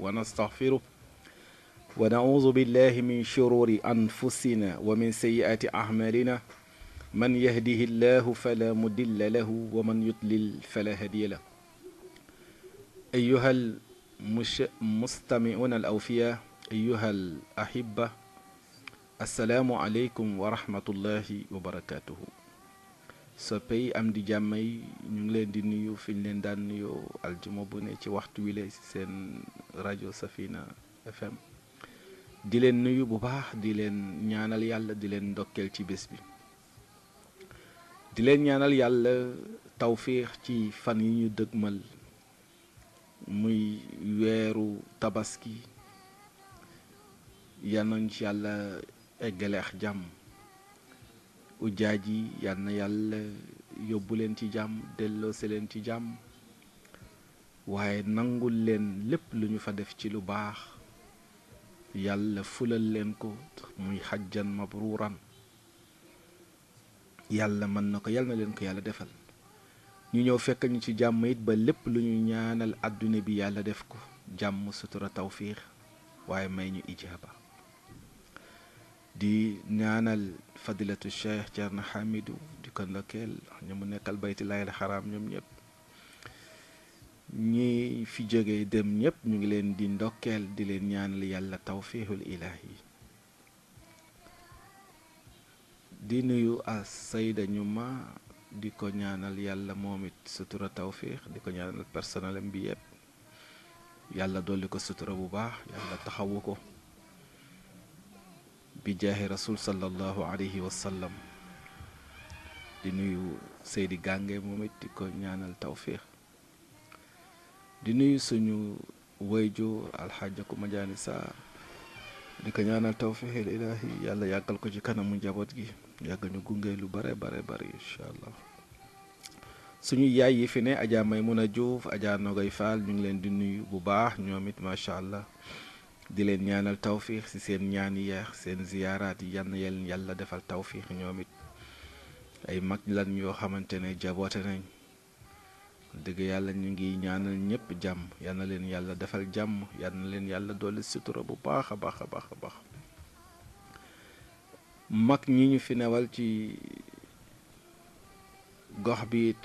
ونستغفره ونعوذ بالله من شرور أنفسنا ومن سيئات أعمالنا من يهده الله فلا مدل له ومن يضلل فلا هادي له أيها المستمعون الأوفياء أيها الأحبة السلام عليكم ورحمة الله وبركاته sa pays am di jàmm yi ñu ngi leen di nuyu fi ñu leen daan nuyoo aljuma bu ne ci waxtu wi lay seen rajo Safina FM di leen nuyu bu baax di leen ñaanal yàlla di leen ndokkeel ci bés bi di leen ñaanal yàlla tawfiix ci fan yi ñu mël muy weeru tabaski yal nañ ci yàlla eggaleex jàmm ujaaj ji yal na yàlla yóbbu leen ci jàmm delloose leen ci jàmm waaye nangul leen lépp lu ñu fa def ci lu baax yàlla fulal leen ko muy xajjan mabruuran yàlla mën na ko yàlla na leen ko yàlla defal ñu ñëw fekk ñu ci jàmm it ba lépp lu ñu ñaanal àdduna bi yàlla def ko jàmm sutura tawfiix waaye may ñu ijaaba di ñaanal fadilatu cheikh jarna hamidu di kon ndokkeel ñu mu nekkal layl haram ñom ñep ñi fi jëgé dem ñep ñu ngi leen di ndokkeel di leen ñaanal yalla tawfiihul ilahi di nuyu a sayda ñuma di ko ñaanal yalla momit sutura tawfih di ko ñaanal personnel bi yëpp yàlla dolli ko sutura bu baax yalla taxawuko bi jaahi rasul sallallahu alayhi wa sallam di nuyu Seydi Gange moom it di ko ñaanal tawfiix di nuyu suñu wayjo alxaajaku Madiaani Sarr di ko ñaanal tawfiixil ilaahi yàlla yàggal ko ci kanamu njaboot gi yàggal ñu gunge lu bare bare bare incha allah suñu yaay fi ne Adja Maymuna Diouf Adja Nogay Fall ñu ngi leen di nuyu bu baax ñoom it macha allah. di leen ñaanal tawfiix si seen ñaan yi yeex seen ziyaaraat yi yal na yàlla defal tawfiix ñoom it ay mag lan yoo xamante ne jaboote nañ dëgg yàlla ñu ngi ñaanal ñëpp jàmm yàlla leen yàlla defal jàmm yàlla leen yàlla dolli sutura bu baax a baax a baax a baax mag ñi ñu fi newal ci gox bi it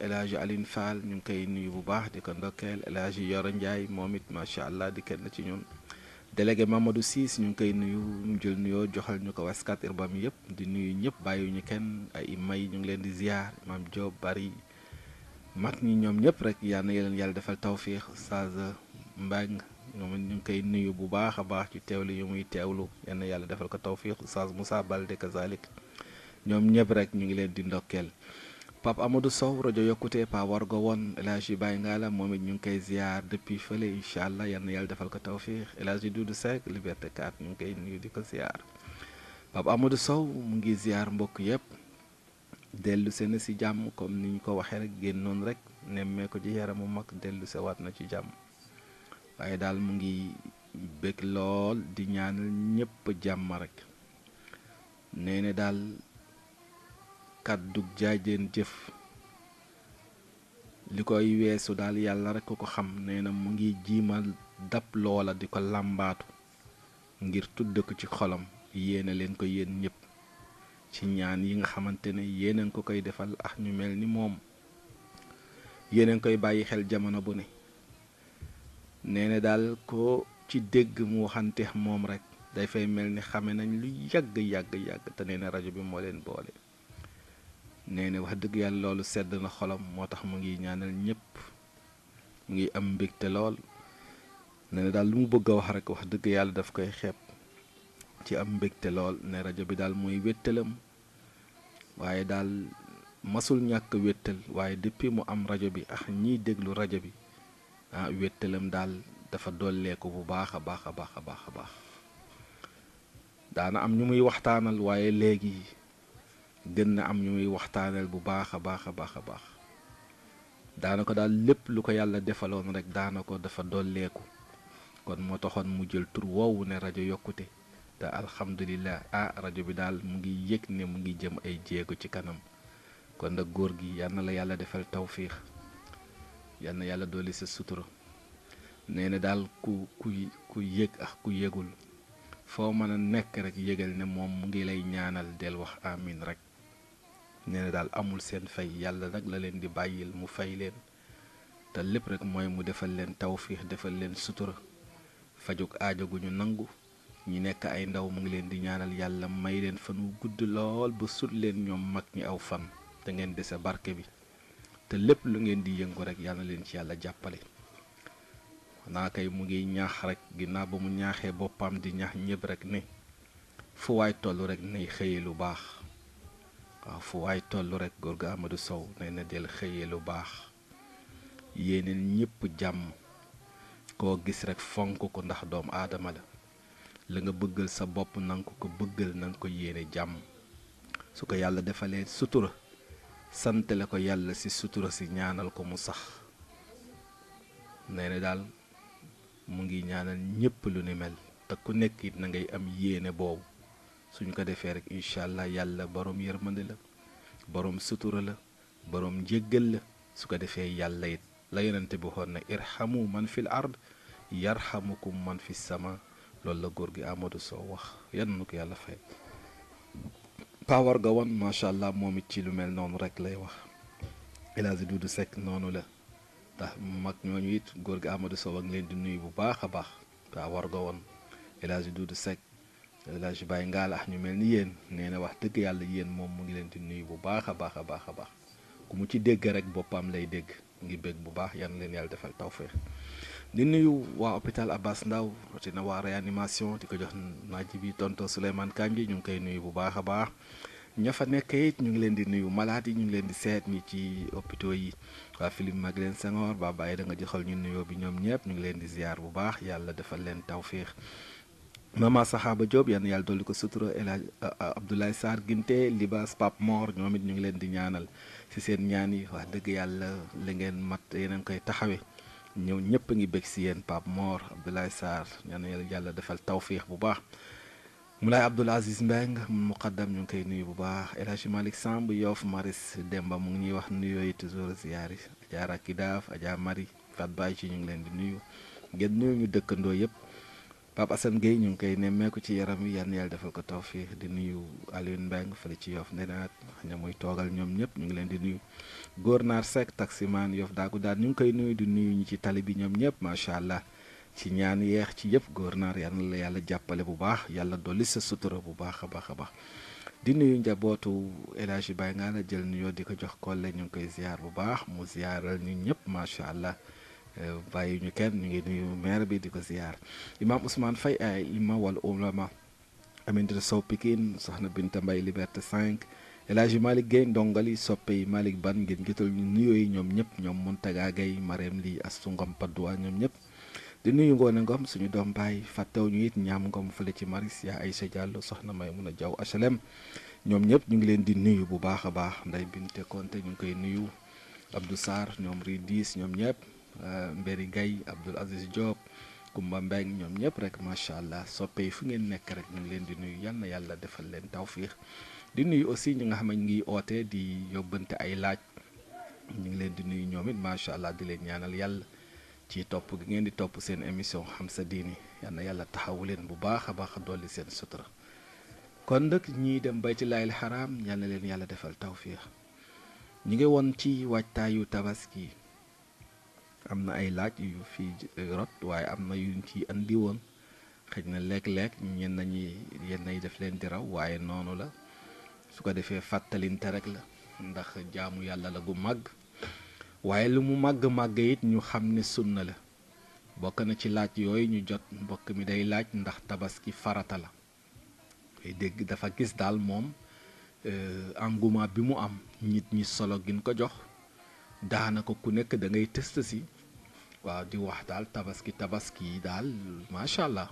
El Hadj Aline Fall ñu ngi koy nuyu bu baax di ko ndokkeel El Hadj Yoro Ndiaye moom it macha allah di kenn ci ñun. délégué Mamadou Ciss ñu ngi koy nuyu mu jël nuyoo joxal ñu ko waskat irbam yëpp di nuyu ñëpp ñu kenn ay may ñu ngi leen di ziar maam Diop bari mag ñi ñoom ñëpp rek yal na leen yàlla defal tawfiix Oustaz Mbang ñoom ñu ngi koy nuyu bu baax a baax ci teewlu yu muy teewlu yal yàlla defal ko tawfiix Oustaz Moussa Balde kazalik ñoom ñëpp rek ñu ngi leen di ndokkeel. Pape Amadou Sow rajo yokkute pa wargo woon El Hadj Baye Ngala moom it ñu ngi koy ziar depuis fële incha allah yal yàlla defal ko tawfiix El Hadj Doudou Seck Liberté 4 ñu ngi koy nuyu di ko ziar Pape Amadou Sow mu ngi ziar mbokk yëpp dellu se na si jàmm comme ni ñu ko waxee rek génnoon rek nemmee ko ci yaramu mag dellu se waat na ci jàmm waaye daal mu ngi bëgg lool di ñaanal ñëpp jàmm rek nee daal. kaddu jaajeen jëf li koy weesu daal yàlla rek ko xam nee na mu ngi jiima dab loola di ko làmbaatu ngir tudd ko ci xolam yéene leen ko yéen ñëpp ci ñaan yi nga xamante ne ko koy defal ak ah, ñu mel ni moom yéeneen koy bàyyi xel jamono bu ne nee na daal ko ci dégg mu waxante moom rek dafay mel ni xame nañ lu yàgg yàgg yàgg te nee na rajo bi moo leen boole nee ne wax dëgg yàlla loolu sedd na xolom moo tax mu ngi ñaanal ñëpp mu ngi am mbégte lool ne na daal lu mu bëgg a wax rek wax dëgg yàlla dafa koy xeeb ci am mbégte lool ne rajo bi daal mooy wéttalam waaye daal masul ñàkk wéttal waaye depuis mu am rajo bi ak ñii déglu rajo bi ah daal dafa dolleeku bu baax a baax a baax a baax a baax daana am ñu muy waxtaanal waaye léegi. gën na am ñu muy waxtaaneel bu baax a baax a baax a baax daana ko daal lépp lu ko yàlla defaloon rek daana dafa dolleeku kon moo taxoon mu jël tur woowu ne rajo yokkute te alhamdulilah ah rajo bi daal mu ngi yëg ne mu ngi jëm ay jéego ci kanam kon nag góor gi yal na la yàlla defal tawfiix yal na yàlla dolli sa sutura nee na daal ku ku ku yëg ak ku yëgul foo mën a nekk rek yëgal ne moom mu ngi lay ñaanal del wax amin rek nee dal amul sen fay yàlla nak la len di bayil mu fay len te lépp rek moy mu defal len tawfiq defal len sutura fajuk aajo gu ñu nangu ñi nek ay ndaw mu ngi len di ñaanal yàlla may len fa nu gudd lol ba sut len ñom mag ñi aw fam te ngeen dese barke bi te lépp lu ngeen di yeengu rek yàlla len ci yàlla jàppale na kay mu ngi ñaax rek ginnaaw ba mu ñaaxee boppam di ñaax ñëpp rek ne fu way tollu rek ne xëye lu baax waaw fu waay toll rekk góor ga Amadou Sow nee na del xëyee lu baax yéeneen ñëpp jàmm koo gis rek fonk ko ndax doomu aadama la la nga bëggal sa bopp nanga ko bëggal na ko yéene jàmm su ko yàlla defalee sutura santale ko yàlla ci sutura si ñaanal ko mu sax nee na daal mu ngi ñaanal ñépp lu ne mel te ku nekk it na ngay am yéene boobu suñu ko defee rek inshallah yàlla borom yërmande la borom sutura la borom njéggal la su ko defee yàlla it la yonente bi xoon irhamu man fil ard yarhamukum man fi sama loolu la góor gi Amadou Sow wax yenn ko yàlla fay Pawar ga wan macha allah moom it ci lu mel noonu rek lay wax El Hadj Doudou noonu la ndax mag ñooñu it góor gi Amadou Sow wax leen di nuyu bu baax a baax Pawar ga wan El Hadj Doudou Elhadji Baye Ngalla ñu mel ni yéen nee na wax dëgg yàlla yéen moom mu ngi leen di nuyu bu baax a baax a baax a baax ku mu ci dégg rek boppam lay dégg ngi bég bu baax yan leen yàlla defal tawféex di nuyu waa hôpital Abass Ndao rawatina waa réanimation di ko jox naaj bi tonton Souleymane Kandji ñu ngi koy nuyu bu baax a baax ña fa nekk it ñu ngi leen di nuyu malaat yi ñu ngi leen di seet ñi ci hôpitaux yi waa Philippe Maguilène Senghor ba bàyyi da nga joxal ñu nuyoo bi ñoom ñëpp ñu ngi leen di ziar bu baax yàlla defal leen tawféex mama Saxaaba Diop yal na yàlla li ko sutura El Hadj Abdoulaye Sarr Ginte Libas Pape Mor ñoom it ñu ngi leen di ñaanal ci seen ñaan yi wax dëgg yàlla la ngeen mat yeneen koy taxawee ñëw ñëpp a ngi bég si yéen Pape Mor Abdoulaye Sarr yal na yàlla defal tawfiix bu baax. Moulay Abdoul Aziz Mbeng muqaddam ñu ngi koy nuyu bu baax El Hadj Samb Yoff Maris Demba mu ngi ñuy wax nuyoo yi toujours ziyaari Adja Rakidaaf Adja Mari Fat Baye ci ñu ngi leen di nuyu ngeen nuyu ñu dëkkandoo yëpp. Pape Assane Gueye ñu ngi koy nemmeeku ci yaram wi yal na yàlla defal ko tawfiix di nuyu Alioune Mbengue fële ci Yoff Ndenaat xëy na muy toogal ñoom ñëpp ñu ngi leen di nuyu góor naar Seck taximaan Yoff daagu daal ñu ngi koy nuyu di nuyu ñi ci tali bi ñoom ñëpp macha allah ci ñaan yeex ci yëpp góor naar yal na la yàlla jàppale bu baax yàlla dolli sa sutura bu baax a baax a baax di nuyu njabootu El Hadj Baye nga la jël nuyoo di ko jox kolle ñu ngi koy ziar bu baax mu ziaral ñu ñëpp macha allah. Euh, bàyyi ñu kenn ñu ngi nuyu maire bi di ko ziar imaam Ousmane Faye ay ima wal ulama Aminata Sow Pikine soxna Binta Mbaye Liberté 5 El Hadj Malick Guèye ndongali soppe yi Malick Ban ngeen jotal ñu nuyoo yi ñoom ñëpp ñoom Mountaga Guèye Marème Ly Astou Ngom Padoua ñoom ñëpp di nuyu Ngoone Ngom suñu doom baay fàttewu ñu it ñaam Ngom fële ci Maris yaa Aïcha Diallo soxna a Diaw HLM ñoom ñëpp ñu ngi leen di nuyu bu baax a baax Ndeye Binte Konte ñu ngi koy nuyu Abdou Sarr ñoom Ridis ñoom ñëpp Euh, Mbéri Gaye Abdoul Aziz Diop Kumba Mbeng ñoom ñëpp rek macha allah soppee fu ngeen nekk rek ñu ngi leen di nuyu yal na yàlla defal leen tawfiix di nuyu aussi ñi nga xam ñu ngi oote di yóbbante ay laaj ñu ngi leen di nuyu ñoom it macha allah di leen ñaanal yàlla ci topp gi ngeen di topp seen émission xam sa diini yal na yàlla taxawu leen bu baax a baax dolli seen sutura kon nag ñiy dem bay ci laayil xaraam yal leen yàlla defal tawfiix ñu ngi woon ci waajtaayu tabaski. am na ay laaj yu fi rot waaye am na yuñ ci indi woon xëj na léeg-léeg ñenn ñi yenn yi def leen di raw waaye noonu la su ko defee fàttalinte rek la ndax jaamu yàlla la gu màgg waaye lu mu màgg-màgg yit ñu xam ne sunna la bokk na ci laaj yooyu ñu jot mbokk mi day laaj ndax tabaski farata la ay dégg dafa gis daal moom euh, engouement bi mu am nit ñi solo gin ko jox daanaka ku nekk dangay ngay test waaw di wax daal tabaski tabaski yi daal macha allah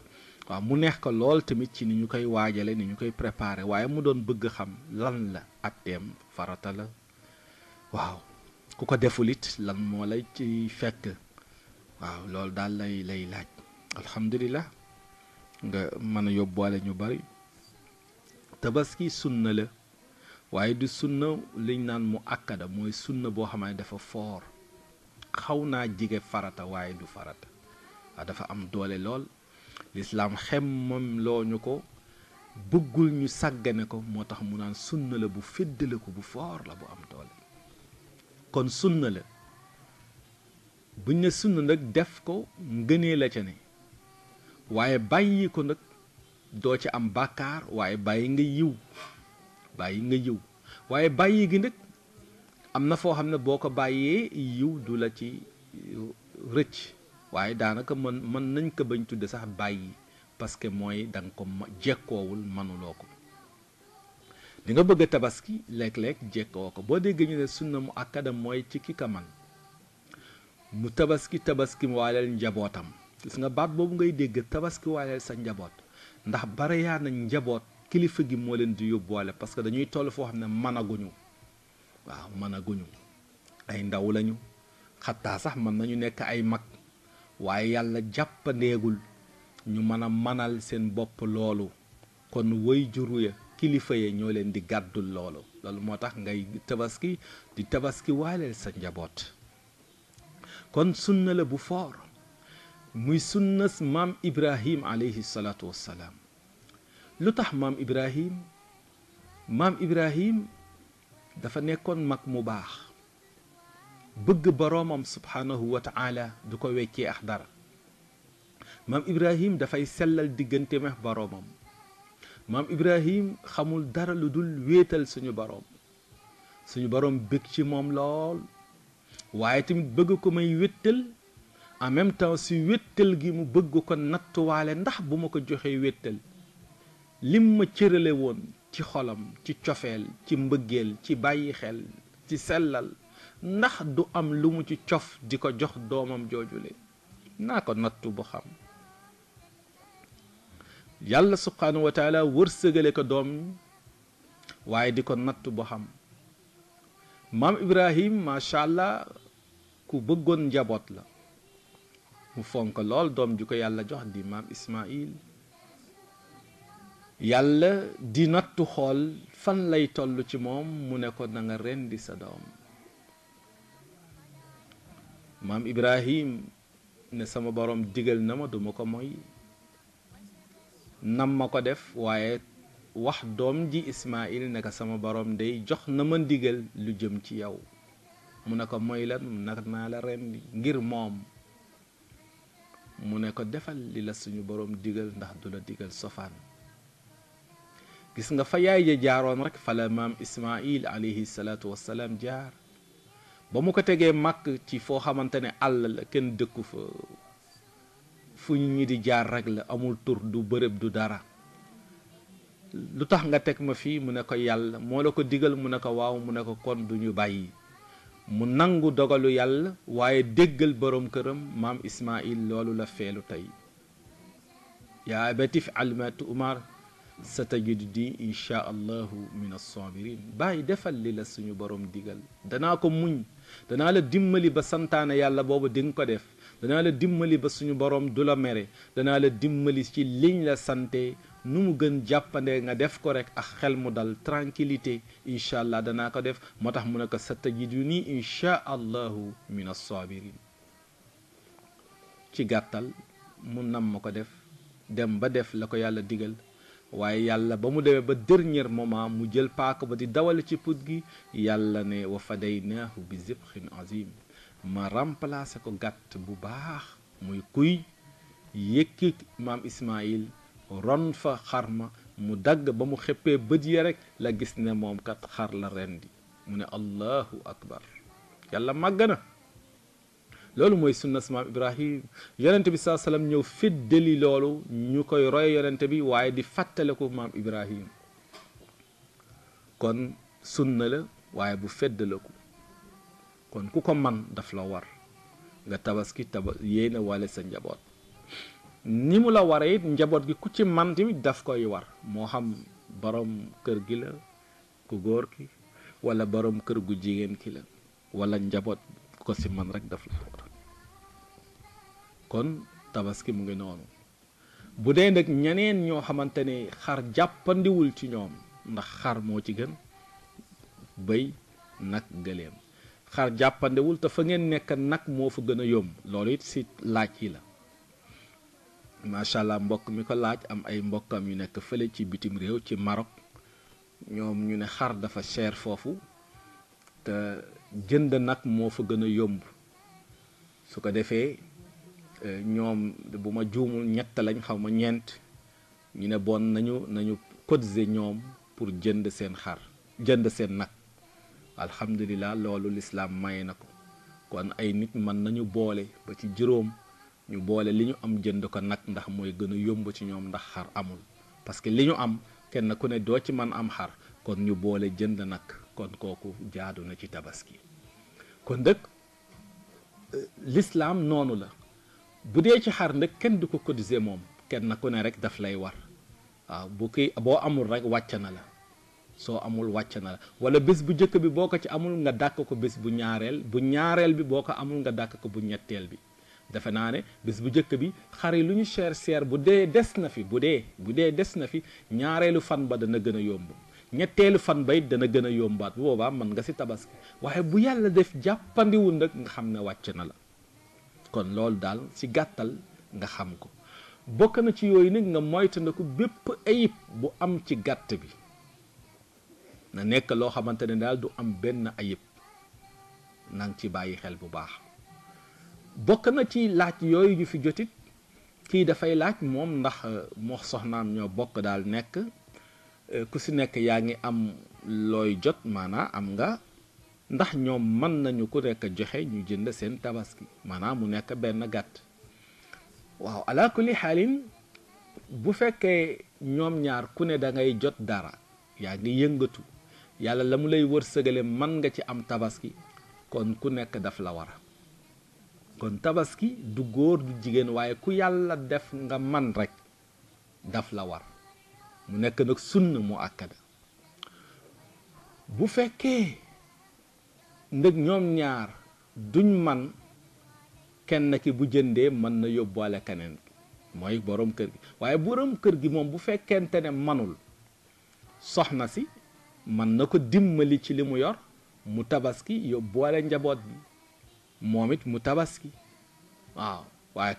waaw mu neex ko lool tamit ci ni ñu koy waajale ni ñu koy préparé waaye mu doon bëgg xam lan la atteem farata la waaw ku ko deful it lan moo lay ci fekk waaw loolu daal lay lay laaj alhamdulilah nga mën a yóbbuwaale ñu bari tabaski sunna la waaye du sunna liñ naan mu akkada mooy sunna boo xam ne dafa foor xaw naa jige farata waaye du farata waaw dafa am doole lool lislaam xem moom loo ñu ko bëggul ñu sàggane ko moo tax mu naan sunna la bu féddale ko bu foor la bu am doole kon sunna la buñ ne sunna nag def ko ngënee la ca ne waaye bàyyi ko nag doo ci am bàkkaar waaye bàyyi nga yiw bàyyi nga yiw waaye bàyyi gi nag am na foo xam ne boo ko bàyyee yiw du la ci euh, rëcc waaye daanaka mën mën nañ ko bañ tudde sax bàyyi parce que mooy da ko jekkoowul manuloo ko di nga bëgg a tabaski léeg-léeg jekkoo ko boo déggee ñu ne sunna mu akkada mooy ci ki ka man mu tabaski tabaski waaleel njabootam gis nga baat boobu ngay dégg tabaski waaye sa njaboot ndax bare yaa na njaboot kilifa gi moo leen di yóbbuwaale parce que dañuy toll foo xam ne managuñu waaw mënaguñu ay ndaw lañu xattaa sax mën nañu nekk ay mag waaye yàlla jàppandeegul ñu mën a manal seen bopp loolu kon way juru ya kilifa ya ñoo leen di gàddul loolu loolu moo tax ngay tabaski di tabaski waaleel sa njaboot kon sunna la bu foor muy sunna maam ibrahim alayhi salaatu wassalaam lu tax maam ibrahim maam ibrahim dafa nekkoon mag mu baax bëgg boroomam subhanahu wa taala du ko weccee ax dara maam ibrahim dafay sellal diggante mex boroomam maam ibrahim xamul dara lu dul wéetal suñu boroom suñu boroom bëgg ci moom lool waaye tamit bëgg ko may wéttal en même temps si wéttal gi mu bëgg ko nattuwaale ndax bu ma ko joxee wéttal lim ma cërale woon ci xolam ci ciofel ci mbeugel ci bàyyi xel ci selal ndax du am lu mu ci ciof diko jox domam jojule nako ko bu xam yàlla subhanahu wa taala wursegele ko dom waye diko ko bu xam mam ibrahim ma sha allah ku beggon njaboot la mu fonk lol dom ju ko yàlla jox di mam ismail yàlla di nattu xool fan lay toll ci moom mu ne ko na nga rendi sa doom maam Ibrahim ne sama boroom digal na ma duma ko moy nam ma ko def waaye wax doom ji Ismail ne sama boroom day jox na ma ndigal lu jëm ci yow mu ne ko moy lan nag naa la rendi ngir moom mu ne ko defal li la suñu boroom digal ndax du la digal sofaan gis nga fa yaay ja jaaroon rek fa la maam Ismail alayhi salatu wassalaam jaar ba mu ko tegee màkk ci foo xamante ne àll la kenn dëkku fa fu ñi di jaar rek la amul tur du bërëb du dara lu tax nga teg ma fii mu ne ko yàlla moo la ko digal mu ne ko waaw mu ne ko kon duñu bàyyi mu nangu dogalu yàlla waaye déggal borom këram maam Ismail loolu la feelu tey yaa abatif almat umar satajiduni incha allahu min assabirin bàyyi defal li la suñu borom digal danaa ko muñ danaa la dimbali ba santaane yàlla boobu di nga ko def danaa la dimbali ba suñu borom du la mere danaa la dimbali ci liñ la sante nu mu gën jàppande nga def ko rek ak xel mu dal tranquillité incha allah danaa ko def moo tax mu ne ko satajiduni incha allahu min assabirin ci gàttal mu nam ma ko def dem ba def la ko yàlla digal waye yàlla ba mu ba dernier moment mu jël pak ba di dawal ci put gi yàlla ne wa fadaynaahu bi zibxin azim ma remplacer ko gàtt bu bax muy kuy yëkki mam Ismaïl ron fa kharma mu dag ba mu xeppe bët ya rek la gis ne mom kat xar la rendi mu ne allahu akbar yàlla magana loolu mooy sunna si maam Ibrahim yonente bi saa salaam ñëw fiddali loolu ñu koy roye yonente bi waaye di fàttaliku maam Ibrahim kon sunna la waaye bu ko kon ku ko man daf la war nga tabaski taba yéene wale sa njaboot ni mu la waree it njaboot gi ku ci man tamit daf koy war moo xam boroom kër gi la ku góor ki wala boroom kër gu jigéen ki la wala njaboot ko si man rek daf la kon tabaski mu ngi noonu bu dee nag ñeneen ñoo xamante ne xar jàppandiwul ci ñoom ndax xar moo ci gën béy nag gëléem xar jàppandewul te fa ngeen nekk nag moo fa gën a yomb loolu it si laaj yi la macha allah mbokk mi ko laaj am ay mbokkam yu nekk fële ci bitim réew ci marok ñoom ñu ne xar dafa cher foofu te jënd nag moo fa gën a yomb su ko defee Euh, ñoom bu ma juumul ñett lañ xaw ma ñeent ñu ne bon nañu nañu cotiser ñoom pour jënd seen xar jënd seen nag alhamdulilah loolu lislaam may na ko kon ay nit mën nañu boole ba ci juróom ñu boole li ñu am jënd ko nag ndax mooy gën a yomb ci ñoom ndax xar amul parce que li ñu am kenn ku ne doo ci man am xar kon ñu boole jënd nag kon kooku jaadu na ci tabaski kon dëkk euh, lislaam noonu la bu dee ci xar nag kenn du ko cotiser moom kenn ku ne rek daf lay war waaw bu ki boo amul rek wàcc na la soo amul wàcc na la wala bés bu njëkk bi boo ko ci amul nga dàkk ko bés bu ñaareel bu ñaareel bi boo ko amul nga dàkk ko bu ñetteel bi defe naa ne bés bu njëkk bi xar yi lu ñu cher cher bu dee des na fi bu dee bu dee des na fi ñaareelu fan ba dana gën a yomb ñetteelu fan ba dana gën a yombaat bu boobaa mën nga si tabaski waaye bu yàlla def jàppandiwul nag nga xam ne wàcc na la kon loolu daal ci gàttal nga xam ko bokk na ci yooyu nag nga ko bépp ayib bu am ci gàtt bi na nekk loo xamante ne daal du am benn ayib na nga ci bàyyi xel bu baax bokk na ci laaj yooyu yu fi jotit kii dafay laaj moom ndax euh, moo soxnaam ñoo bokk daal nekk euh, ku si nekk yaa ngi am looy jot maanaa am nga ndax ñoom mën nañu ku nekk joxe ñu jënd seen tabaski maanaam mu nekk benn gàtt waaw ala kulli bu fekkee ñoom ñaar ku ne dangay jot dara yaa ngi yëngatu yàlla la mu lay wër wërsëgale mën nga ci am tabaski kon ku nekk daf la war kon tabaski du góor du jigéen waaye ku yàlla def nga man rekk daf la war mu nekk nag sunn mu àkkada bu fekkee ndëg ñoom ñaar duñ man kenn ki bu jëndee mën na yóbbuwaale keneen mooy borom kër gi waaye boroom kër gi moom bu fekkente ne manul soxna si mën na ko dimmali ci li mu yor mu tabaski yóbbuwaale njaboot bi moom it mu tabaski waaw waaye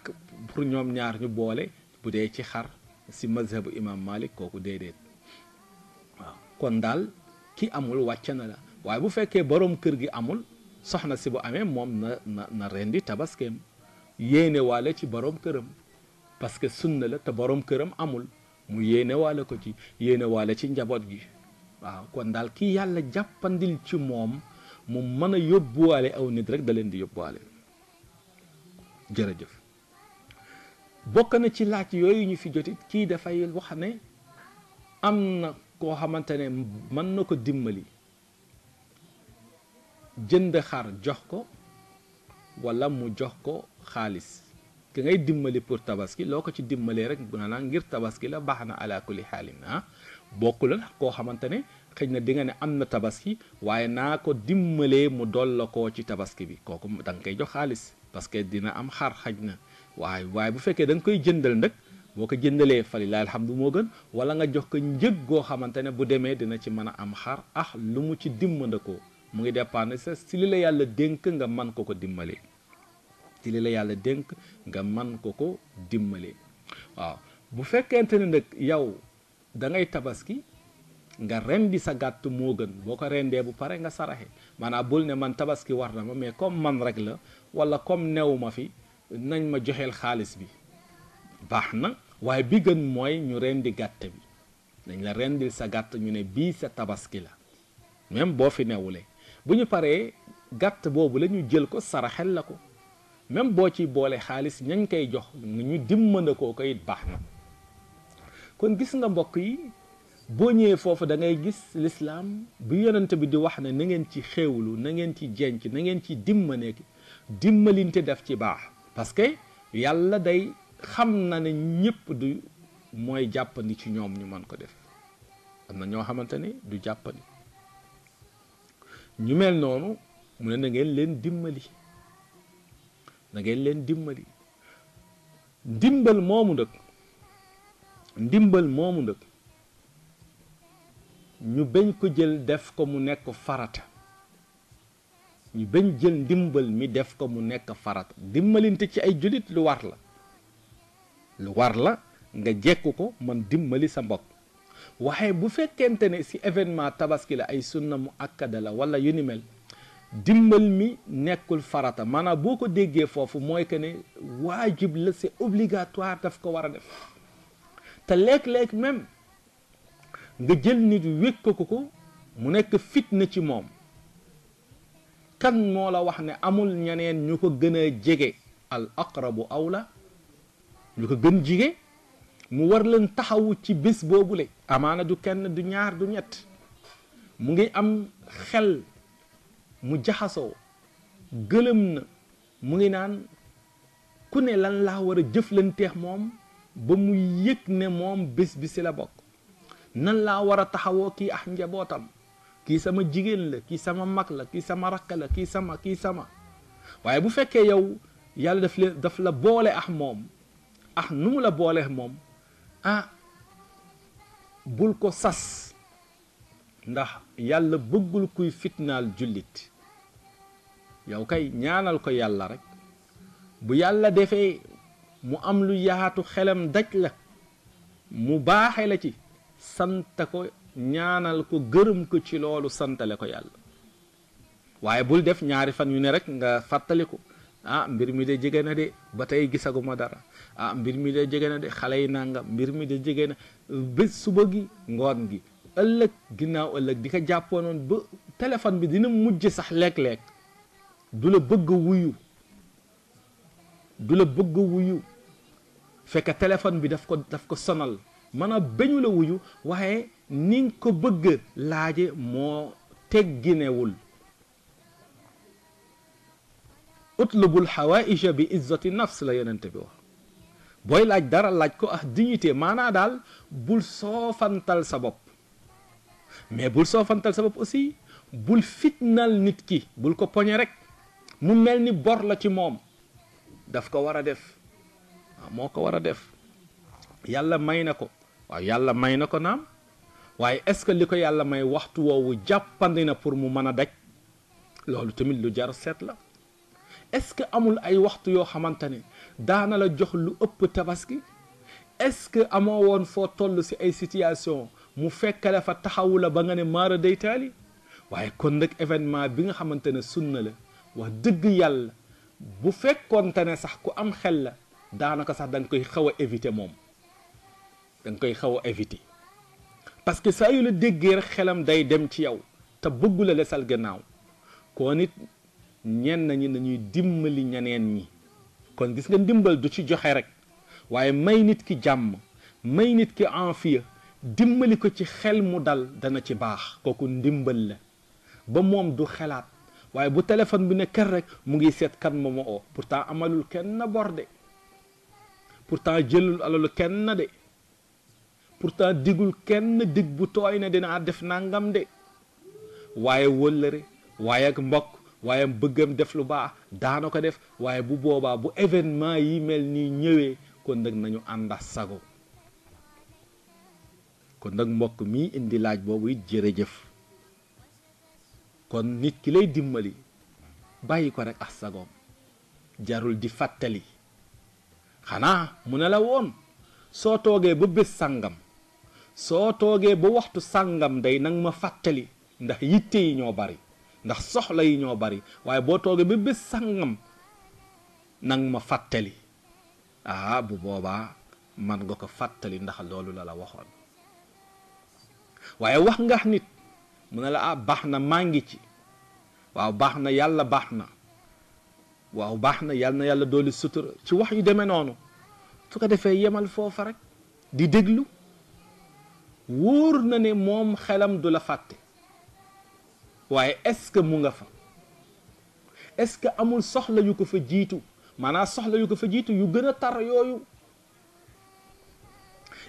pour ñoom ñaar ñu boole bu dee ci xar si mazhabu imam malik kooku déedéet waaw kon daal ki amul wàcc na la waaye bu fekkee boroom kër gi amul soxna si bu amee moom na na rendi tabaskeem yéene waale ci boroom këram parce que sunna la te boroom këram amul mu yéene waale ko ci yéene waale ci njaboot gi waaw kon daal ki yàlla jàppandil ci moom mu mën a yóbbuwaale aw nit rek da leen di yóbbuwaale jërëjëf bokk na ci laaj yooyu ñu fi jotit kii dafay wax ne am na koo xamante ne mën na ko dimbali jënd xar jox ko wala mu jox ko xaalis ki ngay dimbali pour tabaski loo ko ci dimbalee rek maanaam ngir tabaski la baax na alaakuli kulli xaalin ah bokkul koo xamante ne xëy na di nga ne am na tabaski waaye naa ko dimbalee mu doll la koo ci tabaski bi kooku da koy jox xaalis parce que dina am xar xaj na waaye waaye bu fekkee da nga koy jëndal nag boo ko jëndalee falilahi alhamdu moo gën wala nga jox ko njëg goo xamante ne bu demee dina ci mën a am xar ah lu mu ci ko mu ngi dépendre sa si li la yàlla dénk nga man ko ko dimbalee si li la yàlla dénk nga man ko ko dimbalee waaw bu fekkente ne nag yow da ngay tabaski nga rendi sa gàtt moo gën boo ko rendee bu pare nga saraxe maanaam bul ne man tabaski war na ma mais comme man rek la wala comme new ma fi nañ ma joxeel xaalis bi baax na waaye bi gën mooy ñu rendi gàtt bi dañ la rendil sa gàtt ñu ne bii sa tabaski la même boo fi newulee bu ñu paree gàtt boobu lañu jël ko saraxel la ko même boo ci boole xaalis ñañ koy jox ñu dimbale koo ko it baax na kon gis nga mbokk yi boo ñëwee foofu da ngay gis lislaam bu yonent bi di wax ne na ngeen ci xéewlu na ngeen ci jenc na ngeen ci dimbale dimbalinte def ci baax parce que yàlla day xam na ne ñëpp du mooy jàppandi ci ñoom ñu mën ko def am na ñoo xamante ni du jàppandi. ñu mel noonu mu ne na leen dimbali na leen dimbali ndimbal moomu nag ndimbal moomu nag ñu bañ ko jël def ko mu nekk farata ñu bañ jël ndimbal mi def ko mu nekk farata dimbalinte ci ay jullit lu war la lu war la nga jekk ko man dimbali sa mbokk waxee bu fekkente ne si événement tabaski la ay sunna mu akkada la wala yu ni mel dimbal mi nekkul farata maanaam boo ko déggee foofu mooy que ne waajib la c'est obligatoire daf ko war a def te léeg-léeg même nga jël nit wékk ko ko mu nekk fitna ci moom kan moo la wax ne amul ñeneen ñu ko gën a jege al aw la ñu ko gën jige mu war leen taxawu ci bés boobule amaana du kenn du ñaar du ñett mu ngi am xel mu jaxasoo gëlëm na mu ngi naan ku ne lan laa war a jëflanteex moom ba mu yëg ne moom bés bi si la bokk nan laa war a taxawoo kii ak njabootam kii sama jigéen la kii sama mag la kii sama rakk la kii sama kii sama waaye bu fekkee yow yàlla daf la daf la boole ak moom ak nu mu la boolee moom ah bul ko sas ndax yàlla bëggul kuy fitnaal jullit yow kay ñaanal ko yàlla rek bu yàlla defee mu am lu yaatu xelam daj la mu baaxe la ci sant ko ñaanal ko gërëm ko ci loolu santale ko yàlla waaye bul def ñaari fan yu ne rek nga fàttaliku ah mbir mi da jege na de ba tey gisaguma dara ah mbir mi da jege na de xale yi nangam mbir mi de jege na bés suba gi ngoon gi ëllëg ginnaaw ëllëg di ko jàppoonoon ba téléphone bi dina mujj sax léeg-léeg du la bëgg fekk téléphone bi daf ko daf ko sonal maanaam bañu la wuyu waaye ni ko bëgg laaje moo tegginewul utlubul xawaaija bi izzati nafs la yeneen laaj dara laaj ko ah dignité maanaa daal bul soofantal sa bopp mais bul soofantal sa bopp aussi bul fitnal nit ki bul ko poñe rek mu mel ni bor la ci moom daf ko war a def waaw moo ko war a def yàlla may na ko waaw yàlla may na ko naam waaye est ce que li ko yàlla may waxtu woowu jàppandi na pour mu mën a daj loolu tamit lu jar seet la est-ce que amul ay waxtu yo xamantene ne daana la jox lu upp tabaski est-ce que amo won fo tollu ci ay situation mu fekkale fa taxawu ba nga ne mara day tali waye kon nak événement bi nga xamantene sunna la wax deug yàlla bu fekkon tane sax ku am xel la daanaka sax dang koy xawa éviter mom dang koy xawa éviter parce que sa yu la déggee rek xelam day dem ci yow te bëggu la lesal gannaaw ko nit ñenn ñi nañuy dimbali ñeneen ñi kon gis nga ndimbal du ci joxe rek waaye may nit ki jàmm may nit ki enfiya dimbali ko ci xel mu dal dana ci baax kooku ndimbal la ba moom du xelaat waaye bu téléphone bi ne kër rek mu ngi seet kan moo ma oo pourtant amalul kenn bor de pourtant jëlul alalu kenn de pourtant digul kenn dig bu tooy ne dinaa def nangam de waaye wëllëre waaye ak mbokk waaye bëggam def lu baax daana ko def waaye bu boobaa bu événement yi mel nii ñëwee kon nag nañu ànda sago kon nag mbokk mi indi laaj boobu it jëf kon nit ki lay dimbali bàyyi ko rek ak sagoom jarul di fàttali xanaa mu ne la woon soo toogee ba bés sangam soo toogee ba waxtu sàngam day nag ma fàttali ndax yitte yi ñoo bari ndax soxla yi ñoo bari waaye boo toogee ba bés sangam nang ma fàttali ah bu boobaa man nga ko fàttali ndax loolu la la waxoon waaye wax nga nit mu ne la ah baax na maa ngi ci waaw baax na yàlla baax na waaw baax na yàlla na yàlla dooli sutur ci wax yu demee noonu su ko defee yemal foofa rek di déglu wóor na ne moom xelam du la fàtte waaye est-ce que mu nga fa est-ce que amul soxla yu ko fa jiitu maanaa soxla yu ko fa jiitu yu gën a tar yooyu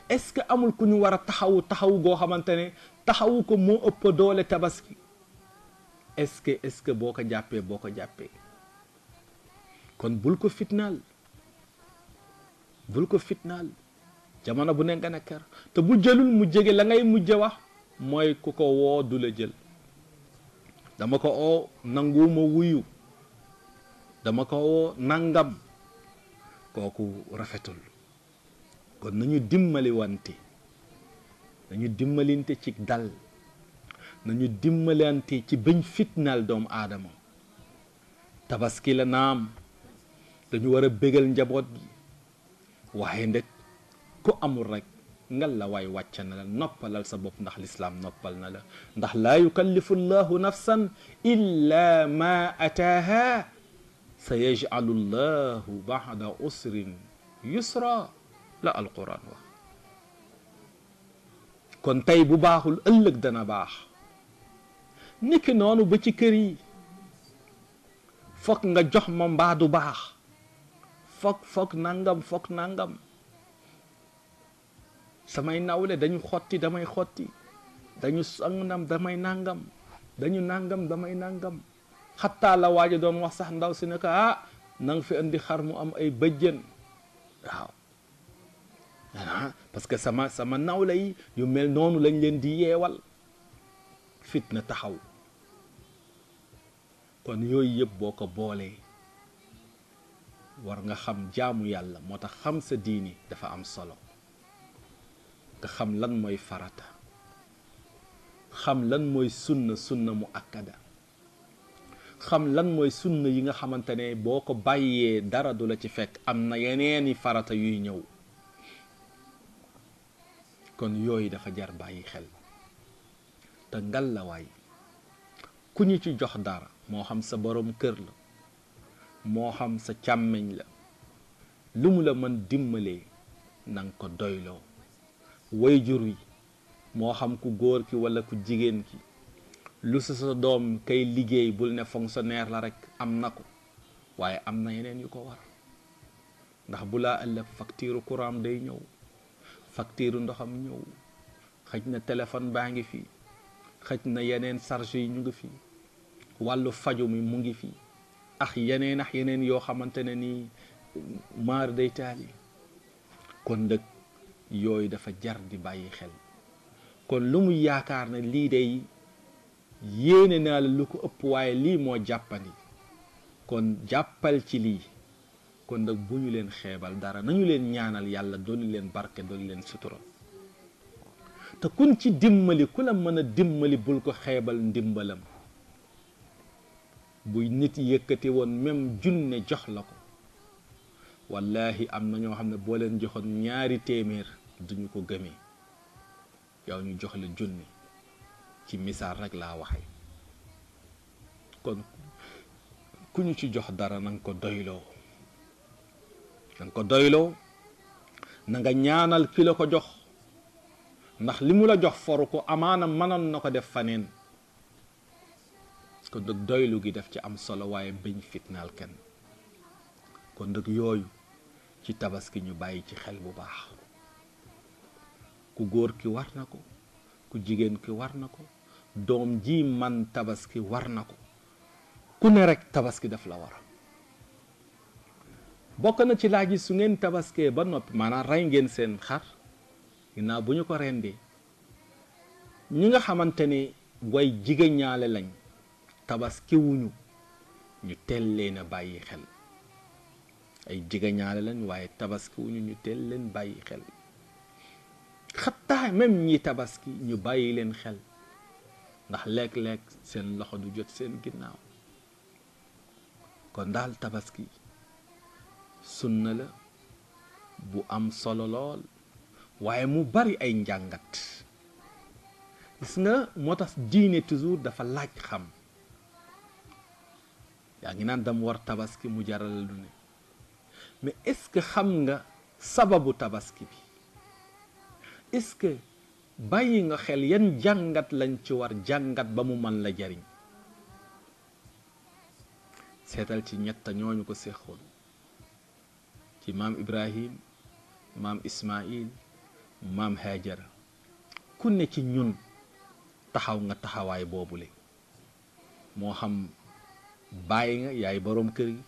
est-ce que amul ku ñu war a taxawu taxawu goo xamante ne taxawu ko moo ëpp doole tabaski est-ce que est-ce que boo ko jàppee boo ko jàppee kon bul ko fitnaal bul ko fitnaal jamono bu nekk nga ne kër te bu jëlul mu jege la ngay mujj wax mooy ku ko woo du la jël dama ko oo nanguuma wuyu dama ko oo nangam kooku rafetul kon nañu dimbali wante nañu dimbalinte ci dal nañu dimbalante ci bëñ fitnaal doomu aadama tabaski la naam dañu war a bégal njaboot gi waaye ndet ku amul rekk ngal la waay wàcc na la noppalal sa bopp ndax lislaam noppal na la ndax laa yukallifu llahu nafsan illa ma ataaha sa yajcalu llahu bacda usrin yusra la alquran wax kon tey bu baaxul ëllëg dana baax niki noonu ba ci kër yi foog nga jox ma mbaadu baax foog foog nangam foog nangam samay nawle dañu xotti damay xotti dañu sangnam damay nangam dañu nangam damay nangam xattaa la waaja doon wax sax ndaw si ne ah na nga fi indi xar mu am ay bëjjën waaw ah, parce que sama sama nawle yi yu mel noonu lañ leen di yeewal fitna taxaw kon yooyu yëpp boo ko boolee war nga xam jaamu yàlla moo tax xam sa diini dafa am solo te xam lan mooy farata xam lan mooy sunna sunna mu akkada xam lan mooy sunna yi nga xamante ne boo ko bàyyee dara du la ci fekk am na yeneeni farata yuy ñëw kon yooyu dafa jar bàyyi xel te ngallawaay ku ñu ci jox dara moo xam sa borom kër la moo xam sa càmmeñ la lu mu la mën dimbalee na nga ko doyloo way jur wi moo xam ku góor ki wala ku jigéen ki lu si sa doom kay liggéey bul ne fonctionnaire la rekk am na ko waaye am na yeneen yu ko war ndax bu laa ëllëg facture courant day ñëw facture ndoxam ñëw xëj na téléphone baa ngi fi xëj na yeneen charge yi ñu ngi fi wàllu faju mi mu ngi fii ax yeneen ax yeneen yoo xamante ne nii maar day taali kon dëkk yooyu dafa jar di bàyyi xel kon lu mu yaakaar ne lii day yéene naa la lu ko ëpp waaye lii moo jàppandi kon jàppal ci lii kon nag bu ñu leen xeebal dara nañu leen ñaanal yàlla doon leen barke dolli leen sutura te kun ci dimbali ku la mën a dimbali bul ko xeebal ndimbalam buy nit yëkkati woon même junne jox la ko wallahi am na ñoo xam ne boo leen joxoon ñaari téeméer duñu ko gëmee yow ñu jox la junni ci misaal rek laa waxe kon ku ñu ci jox dara na ko doyloo na nga ko doyloo na ñaanal ki la ko jox ndax li mu la jox foru ko amaana mënoon na ko def faneen kon nag doylu gi def ci am solo waaye bañ fitnaal kenn kon nag yooyu ci tabaski ñu bàyyi ci xel bu baax ku góor ki war na ko ku jigéen ki war na ko doom ji man tabaski war na ko ku ne rek tabaski daf la war bokk na ci laaj yi su ngeen tabaskee ba noppi maanaam rey ngeen seen xar ginnaaw bu ñu ko rendee ñi nga xamante ni way jigéen ñaale lañ tabaski wuñu ñu teel leen a bàyyi xel ay jigéen ñaale lañ waaye tabaski wuñu ñu teel leen bàyyi xel حتى ميم ني تاباسكي ني باي لين خيل ناخ ليك ليك سين لوخو دو جوت سين غيناو كون دال تاباسكي سنة لا بو ام سولو لول واي مو باري اي نجانغات غيسنا موتاس ديني توزور دافا لاج خام ياغي يعني نان دام وار تاباسكي مو جارال دوني مي اسك خام نغا سببو تاباسكي بي est-ce que bàyyi nga xel yan jàngat lañ ci war jàngat ba mu man la jariñ seetal ci ñett ñooñu ko séqoon ci maam ibrahim maam ismail maam hajara ku ne ci ñun taxaw nga taxawaay boobule moo xam bàyyi nga yaay boroom kër gi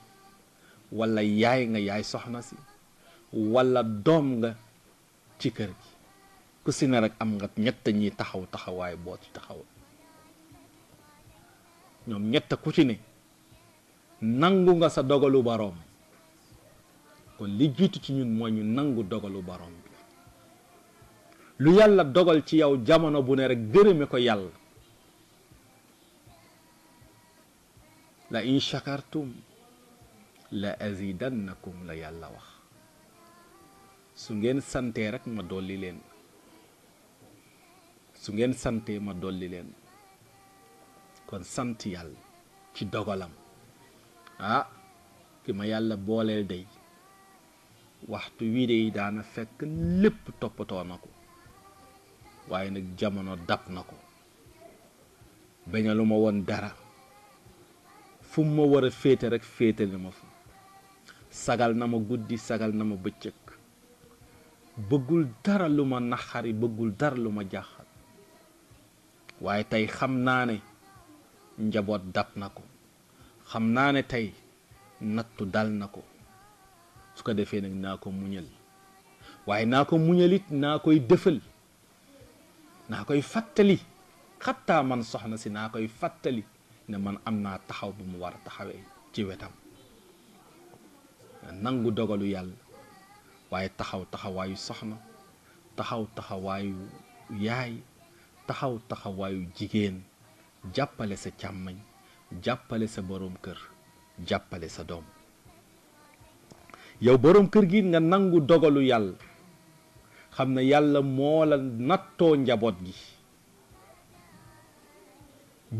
walla yaay nga yaay soxna si walla doom nga ci kër gi ku si ne rek am nga ñett ñiy taxaw taxawaay boo ci taxaw ñoom ñett ku ci ne nangu nga sa dogalu baroom kon li jiitu ci ñun mooy ñu nangu dogalu baroom bi lu yàlla dogal ci yow jamono bu ne rek gërëme ko yàlla la in shakartum la azidannakum la yàlla wax su ngeen santee rek ma dolli leen su ngeen santee ma dolli leen kon sant yàlla ci dogalam ah ki ma yàlla booleel day waxtu wii de yi daana fekk lépp toppatoo na ko waaye nag jamono dab na ko beñalu woon dara fu ma war a féete rek féetali ma fa sagal na ma guddi sagal na ma bëccëg bëggul dara lu ma naxari bëggul dara lu ma jax waaye tey xam naa ne njaboot dab na ko xam naa ne tey nattu dal na ko su ko defee nag naa ko muñal waaye naa ko muñalit naa koy dëfal naa koy fattali xattaa man soxna si naa koy fàttali ne man am naa taxaw bu mu war a taxawee ci wetam nangu dogalu yàlla waaye taxaw taxawaayu soxna taxaw taxawaayu yaay taxaw taxawaayu jigéen jàppale sa càmmañ jàppale sa boroom kër jàppale sa doom yow boroom kër gi nga nangu dogalu yàlla xam na yàlla moo la nattoo njaboot gi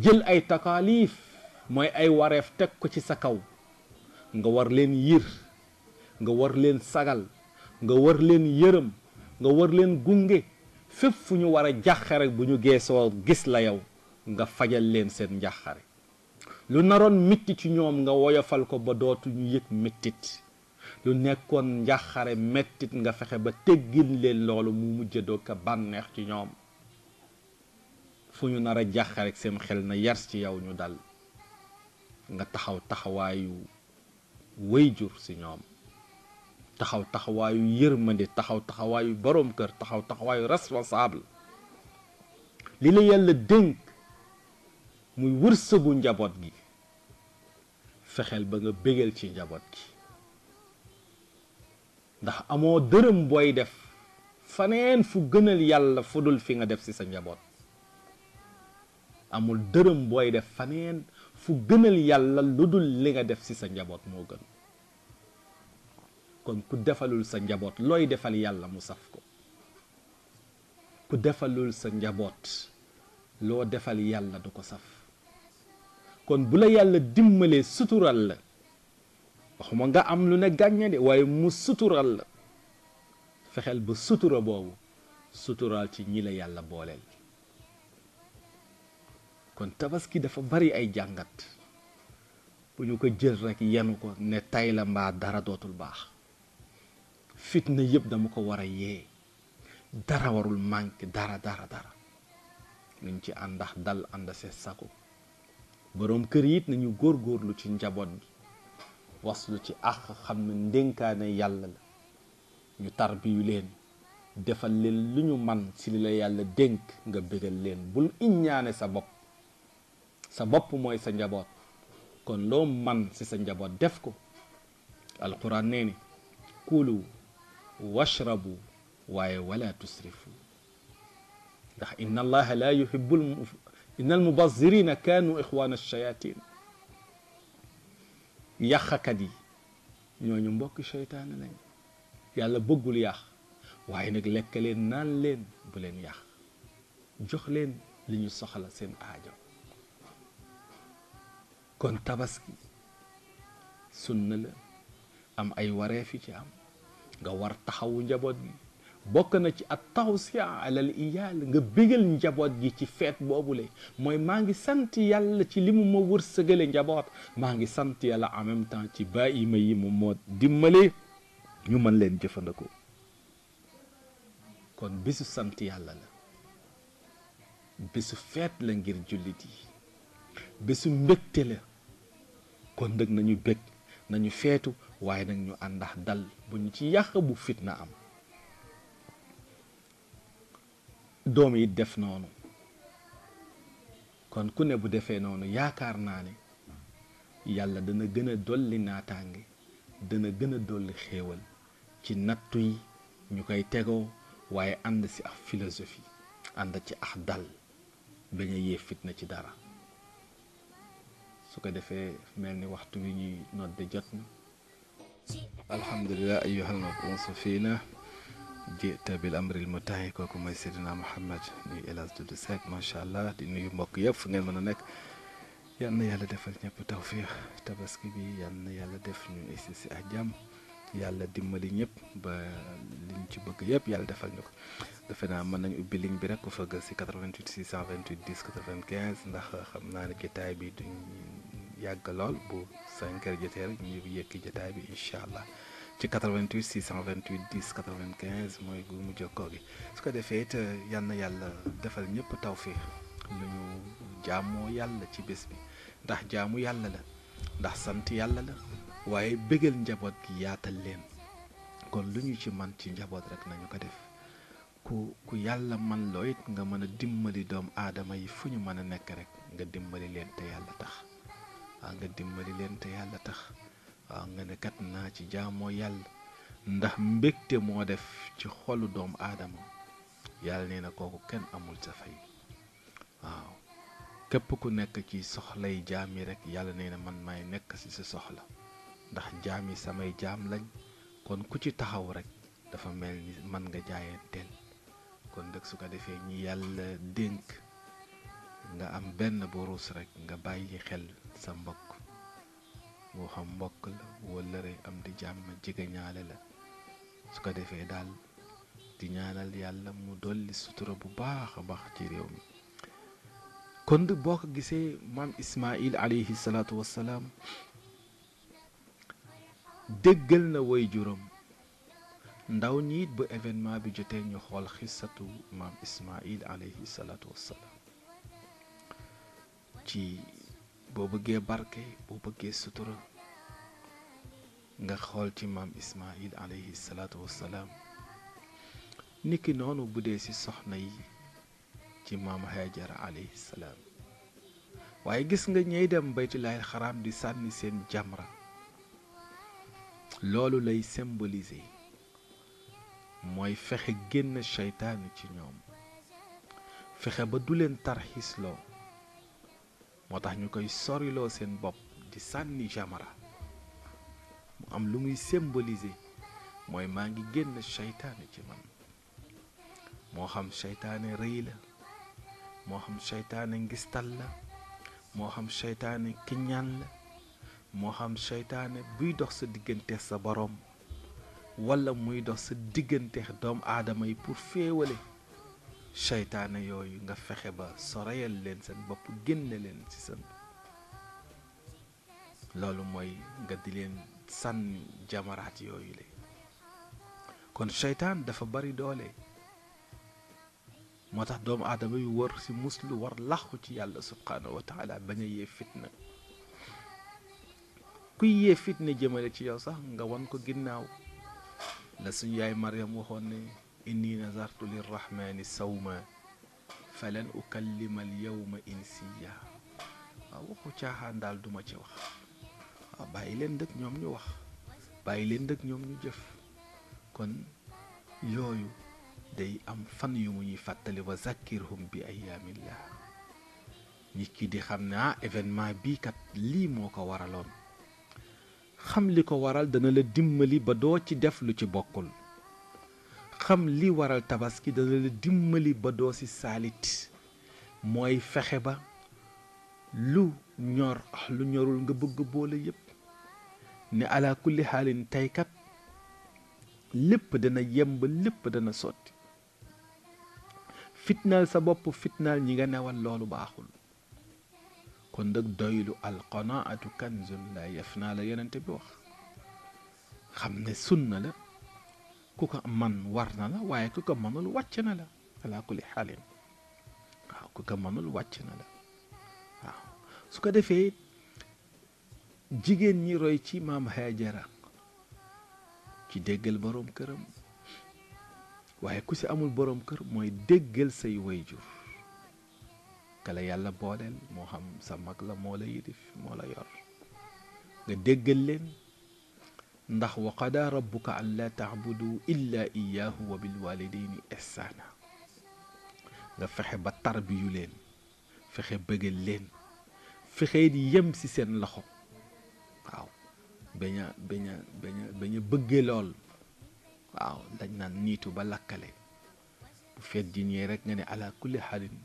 jël ay takaalif mooy ay wareef teg ko ci sa kaw nga war leen yir nga war leen sagal nga war leen yërëm nga war leen gunge fépp fu ñu war a jàqare bu ñu geesoo gis la yow nga fajal leen seen njàqare lu naroon métti ci ñoom nga woyofal ko ba dootuñu yëg méttit lu nekkoon njàqare mettit nga fexe ba teggin leen loolu mu mujjadoo ka bànneex ci ñoom fu ñu nar a jàqarek seen xel na yar ci yow ñu dal nga taxaw taxawaayu wéy ci ñoom taxaw taxawaayu yërmande taxaw taxawaayu boroom kër taxaw taxawaayu responsable li la yàlla dénk muy wërsëgu njaboot gi fexeel ba nga bégal ci njaboot gi ndax amoo dërëm booy def faneen fu gënal yàlla fudul fi nga def ci sa njaboot amul dërëm booy def faneen fu gënal yàlla lu dul li nga def ci sa njaboot moo gën kon ku defalul sa njaboot looy defal yàlla mu saf ko ku defalul sa njaboot loo defal yàlla du ko saf kon bu la yàlla dimbalee sutural la waxuma nga am lu ne gàññe de waaye mu sutural la fexeel ba sutura boobu suturaal ci ñi la yàlla booleel kon tabaski dafa bari ay jàngat bu ñu ko jël rekk yenu ko ne tay la mbaa dara dootul baax fitna yëpp dama ko war a yee dara warul manqué dara dara dara nañ ci àndax dal ànda see sakku boroom kër yi it góor góorlu ci njaboot gi waslu ci àq xam na ndénkaane yàlla la ñu tarbiyu leen defal leen lu ñu man si li la yàlla dénk nga bégal leen bul iññaane sa bopp sa bopp mooy sa njaboot kon loo man si sa njaboot def ko alquran nee ni kuulu washrabu waaye wala tusrifu ndax inna allaha la yuhibbu inna almubazirina kanu ixwana alchayatin yàqakat yi ñooñu mbokki cheytaane lañ yàlla bëggul yàq waaye nag lekk leen naan leen bu leen yàq jox leen li ñu soxla seen aajo kon tabaski sunna la am ay wareef yi ci am nga war taxawu njaboot gi bokk na ci at tawsia alal iyaal nga bégal njaboot gi ci feet boobule mooy maa ngi sant yàlla ci li mu ma wërsëgale njaboot maa ngi sant yàlla en même temps ci bàyyi ma yi mu moo dimbale ñu mën leen jëfandikoo kon bésu sant yàlla la bisu feet la ngir jullit yi bisu mbégte la kon nag nañu bég nañu feetu waaye nag ñu àndax dal buñ ci yàq bu fitna am doom yi def noonu kon ku ne bu defee noonu yaakaar naa ne yàlla dana gën a dolli naataange dana gën a dolli xéewal ci nattu yi ñu koy tegoo waaye ànd si ak philosophie ànd ci ax dal bañ a yee fitna ci dara su ko defee mel ni waxtu wi ñuy nodde jot na الحمد لله أيها المبعوث فينا جئت بالأمر المتاح كما سيدنا محمد ني إلى سجد سيك ما شاء الله دي نيو مبك يف نيو نعم، من نك يالنا يالا دف نيب توفيق تبسكي بي يالنا يالا دف نيو إسيسي أجام يالا دي ملي نيب با لنج بك يب يالا دف نيو دفنا من نيو بلين بيرك وفقل سي 88 628 10 95 نخ خمنا نكي تايبي دي yàgg lool bu 5 heures jotee rek ñu yëkki jotaay bi incha allah ci 88 628 10 95 mooy gu mu jokkoo gi su ko defee it euh, yal yàlla defal ñëpp tawfiix lu ñu jàmmoo yàlla ci bés bi ndax jaamu yàlla la ndax sant yàlla la waaye bëggal njaboot gi yaatal leen kon lu ñu ci man ci njaboot rek nañu ko def ku ku yàlla man loo nga mën a dimbali doom aadama yi fu ñu mën a nekk rek nga dimbali leen te yàlla tax waaw nga dimbali leen te yàlla tax waaw nga ne kat naa ci jaamoo yàlla ndax mbégte moo def ci xolu doomu aadama yàlla nee na kooku kenn amul sa fay waaw képp ku nekk ci soxlay jaam yi rek yàlla nee na man maay nekk ci sa soxla ndax jaam yi samay jaam lañ kon ku ci taxaw rekk dafa mel ni man nga jaayanteel kon nag su ko defee ñi yàlla dénk nga am benn borus rekk nga bàyyi xel sa mbokk moo xam mbokk la wëllëre am di jàmm jege ñaale la su ko defee daal di ñaanal yàlla mu dolli sutura bu baax a baax ci réew mi kon boo ko gisee maam Ismaayil alayhi salaatu wassalaam déggal na woy juróom ndaw ñi it ba événement bi jotee ñu xool xissatu maam Ismaayil alayhi wassalaam ci boo bëggee barke boo bëggee sutura nga xool ci maam Ismaayil aleyhi wassalaam niki noonu bu dee ci soxna yi ci maam Haajara aleyhi salaam waaye gis nga ñey dem baytulaahil xaraam di sànni seen jamra loolu lay symboliser mooy fexe génn seytaane ci ñoom fexe ba du leen tarxiisloo motax tax sori lo soriloo seen bopp di sànni jamara mu am lu muy symboliser moy ma ngi génn seytaane ci man mo xam seytaane reey la mo xam seytaane ngistal la mo xam seytaane kiñaan la mo xam seytaane buy dox sa digënté sa borom wala muy dox sa digënté doomu aadama yi pour féewale seytaane yooyu nga fexe ba soreyal leen seen bopp génne leen ci seen loolu mooy nga di leen sànni jamaraat yooyu la kon seytaan dafa bari doole moo tax doomu aadama yu war ci lu war làqu ci yàlla subhaanahu wa taala bañ a yee fitna kuy yee fitna jëmale ci yow sax nga wan ko ginnaaw la suñu yaay Mariam waxoon ne إني نذرت للرحمن سوما فلن أكلم اليوم إنسيا أوكو تشاهان دال دوما تشاوخ باي لين دك نيوم ني واخ باي لين دك نيوم ني جيف كون يويو داي ام فان يو موني فاتلي وذكرهم بايام الله ني كي دي خامنا ايفينمان بي كات لي موكو ورالون خام ليكو ورال دا نالا ديمبالي با دو تي ديف لو تي بوكول xam li waral tabaski dana la dimbali ba doo si saalit mooy fexe ba lu ñor ah lu ñorul nga bëgg boole yépp ne ala kulli xaalin kat lépp dana yemb lépp dana sotti fitnal sa bopp fitnal ñi nga newal loolu baaxul kon nag doylu alqanaatu kanzun la yafnaa la yenente bi wax xam ne sunna la ku ko man war na la waaye ku ko mënul wàcc na la ala kulli xaalin waaw wàcc na su ko defee jigéen ñi roy ci maam Hajara ci déggal boroom këram waaye ku si amul boroom kër mooy déggal say wayjur kala yàlla booleel moo xam sa mag la moo la yilif moo la yor nga déggal leen ndax wa qadaa rabbuka an la ta'budu illa iyyahu wa bil walidayni ihsana nga fexe ba tarbiyu len fexe beugel len fexe di yem ci sen loxo waaw beña beña beña beña beugé lol waaw dañ nan nitu ba lakalé bu fet di ñé rek nga ne ala kulli halin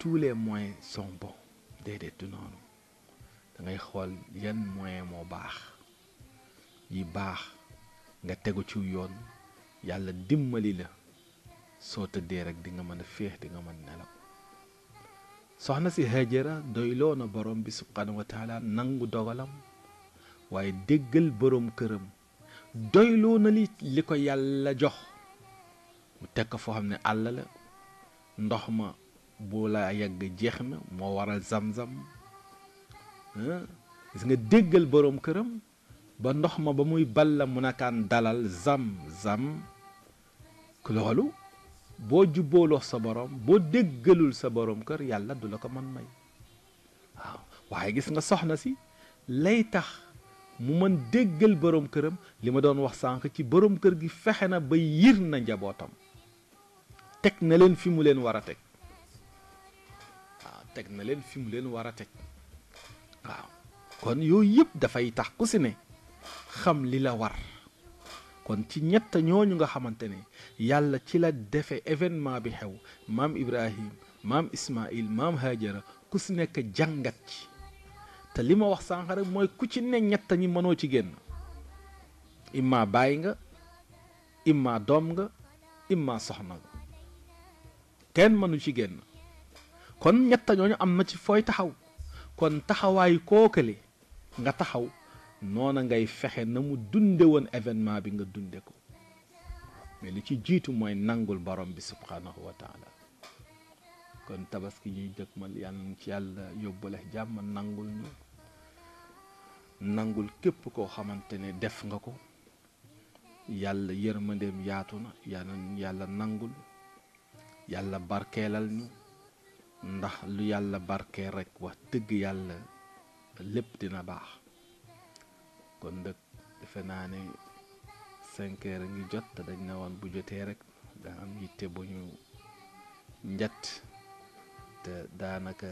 tous les moyens sont bons dédé du noonu da ngay xol yan moyen mo bax yi baax nga tegu ci yoon yàlla dimmali la soo tëddee rek di nga mën a féex di nga mën nelaw soxna si Hajara doyloo na borom bi subhanahu wa nangu dogalam waaye déggal borom këram doyloo na li li ko yàlla jox mu teg ko foo xam ne àll ndox ma bu la yàgg jeex na moo waral samsam gis nga déggal borom këram ba ndox ma ba muy balla la mu nakaan dalal zam zam loolu boo jubbooloo sa borom boo déggalul sa borom kër yàlla du la ko man may waaw waaye gis nga soxna si lay tax mu mën déggal borom këram li ma doon wax sànq ci borom kër gi fexe na ba yir na njabootam teg na leen fi mu leen war a teg waaw teg na leen fi mu leen war a teg waaw kon yooyu yëpp dafay tax ku si ne xam li la war kon ci ñett ñu nga xamante ne yàlla ci la defe événement bi xew maam Ibrahim maam Ismail maam Hajara ku si nekk jàngat ci te li ma wax sànq mooy ku ci ne ñett ñi mënoo ci génn imma bàyyi nga imma doom nga imma soxna nga kenn mënu ci génn kon ñett ñooñu am na ci fooy taxaw kon taxawaayu kookale nga taxaw noona ngay fexe na mu dunde woon événement bi nga dunde ko mais li ci jiitu mooy nangul borom bi subhanahu wa kon tabaski ñuy dëgmal ma na ci yàlla yóbbale jàmm nangul ñu nangul képp koo xamante ne def nga ko yàlla yërmandeem yaatu na yàlla nangul yàlla barkeelal ñu ndax lu yàlla barkeel rekk wax dëgg yàlla lépp dina baax kon nag defe naa ne cinq heures ngi jot te dañ ne woon bu jotee rek daa am yitte bu ñu njat te daanaka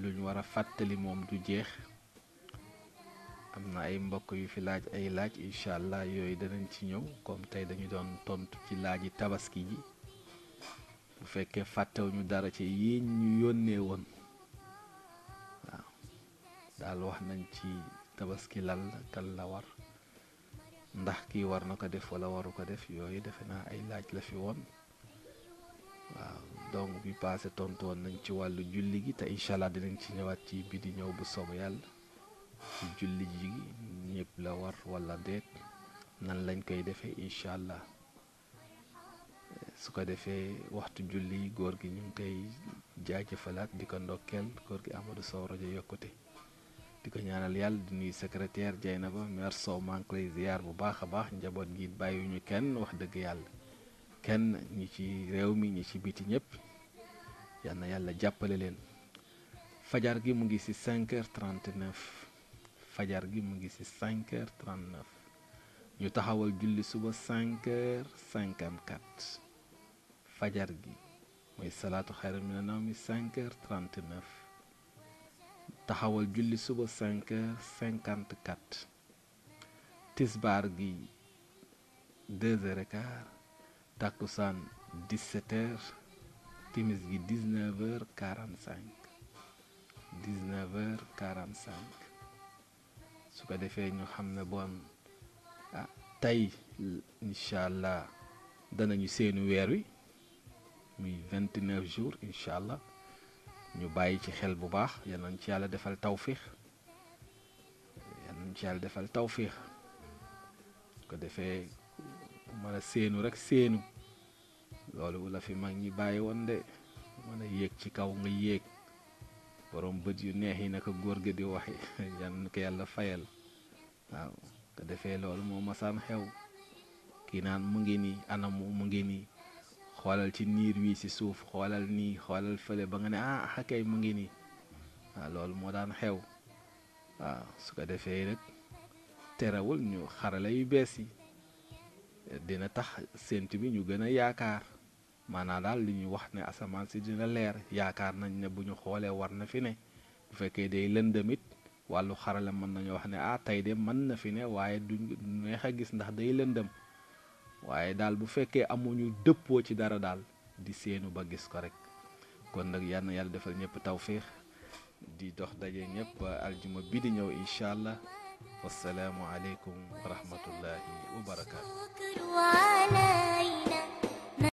luñ war a fàttali moom du jeex am na ay mbokk yu fi laaj ay laaj incha allah yooyu dinañ ci ñëw comme tey dañu doon tontu ci laaji tabaski ji bu fekkee fàttewu ñu dara ci yii ñu yónnee woon waaw daal wax nañ ci tabaski lal kan la war ndax ki war na ko def wala waru ko def yooyu defe naa ay laaj la fi woon waaw donc bi passé tontu woon nañ ci wàllu julli gi te incha allah dinañ ci ñëwaat ci bi di ñëw bu soob yàlla ci julli ji ñëpp la war wala deet nan lañ koy defee incha allah su ko defee waxtu julli góor gi ñu ngi koy jaajëfalaat di ko ndokkeel góor gi amadou sow rajo di ko ñaanal yàlla di nuyu secrétaire Dieynaba maire Sow maa ngi lay ziar bu baax a baax njaboot gi bàyyiwuñu kenn wax dëgg yàlla kenn ñi ci réew mi ñi ci biti ñëpp yal na yàlla jàppale leen fajar gi mu ngi si 5h39 fajar gi mu ngi si 5h39 ñu taxawal julli suba 5h54 fajar gi mooy salaatu xayra mina nawmi 5h39 taxawal julli suba 5 cinquante 54 tisbaar gi 2 heures et quart takkusaan 17 heures timis gi 19 heures 45 19 heures 45 su ko defee ñoo xam ne bon ah tey incha allah danañu seeni weer wi muy 29 jours incha allah ñu bàyyi ci xel bu baax yal nañ ci yàlla defal tawfiix yal nañ ci yàlla defal tawfiix ko defee mën a séenu rekk séenu loolu la fi mag ñi bàyyi woon de mën a yéeg ci kaw nga yéeg borom bët yu neex yi naka góor gi di waxe yal na ko yàlla fayal waaw ko defee loolu moo masaan xew kii naan mu ngi nii anamu mu ngi nii xoolal ci niir wi si suuf xoolal nii xoolal fële ba nga ne ah xakay ah, mu ngi nii waaw loolu moo daan xew waaw su ko defee rek terewul ñu xarala yu bees yi dina tax sént bi ñu gën a yaakaar maanaam daal li ñu wax ne asamaan si dina leer yaakaar nañ ne bu ñu xoolee war na fi ne bu fekkee day lëndëmit wàllu xarala mën nañu wax ne ah tey de mën na fi ne waaye du neex a gis ndax day lëndëm waaye daal bu fekkee amuñu dëppoo ci dara daal di séenu ba gis ko rek kon nag yal yàlla defal ñëpp tawféex di dox daje ñëpp aljuma bi di ñëw incha allah wassalaamu aleykum wa rahmatullahi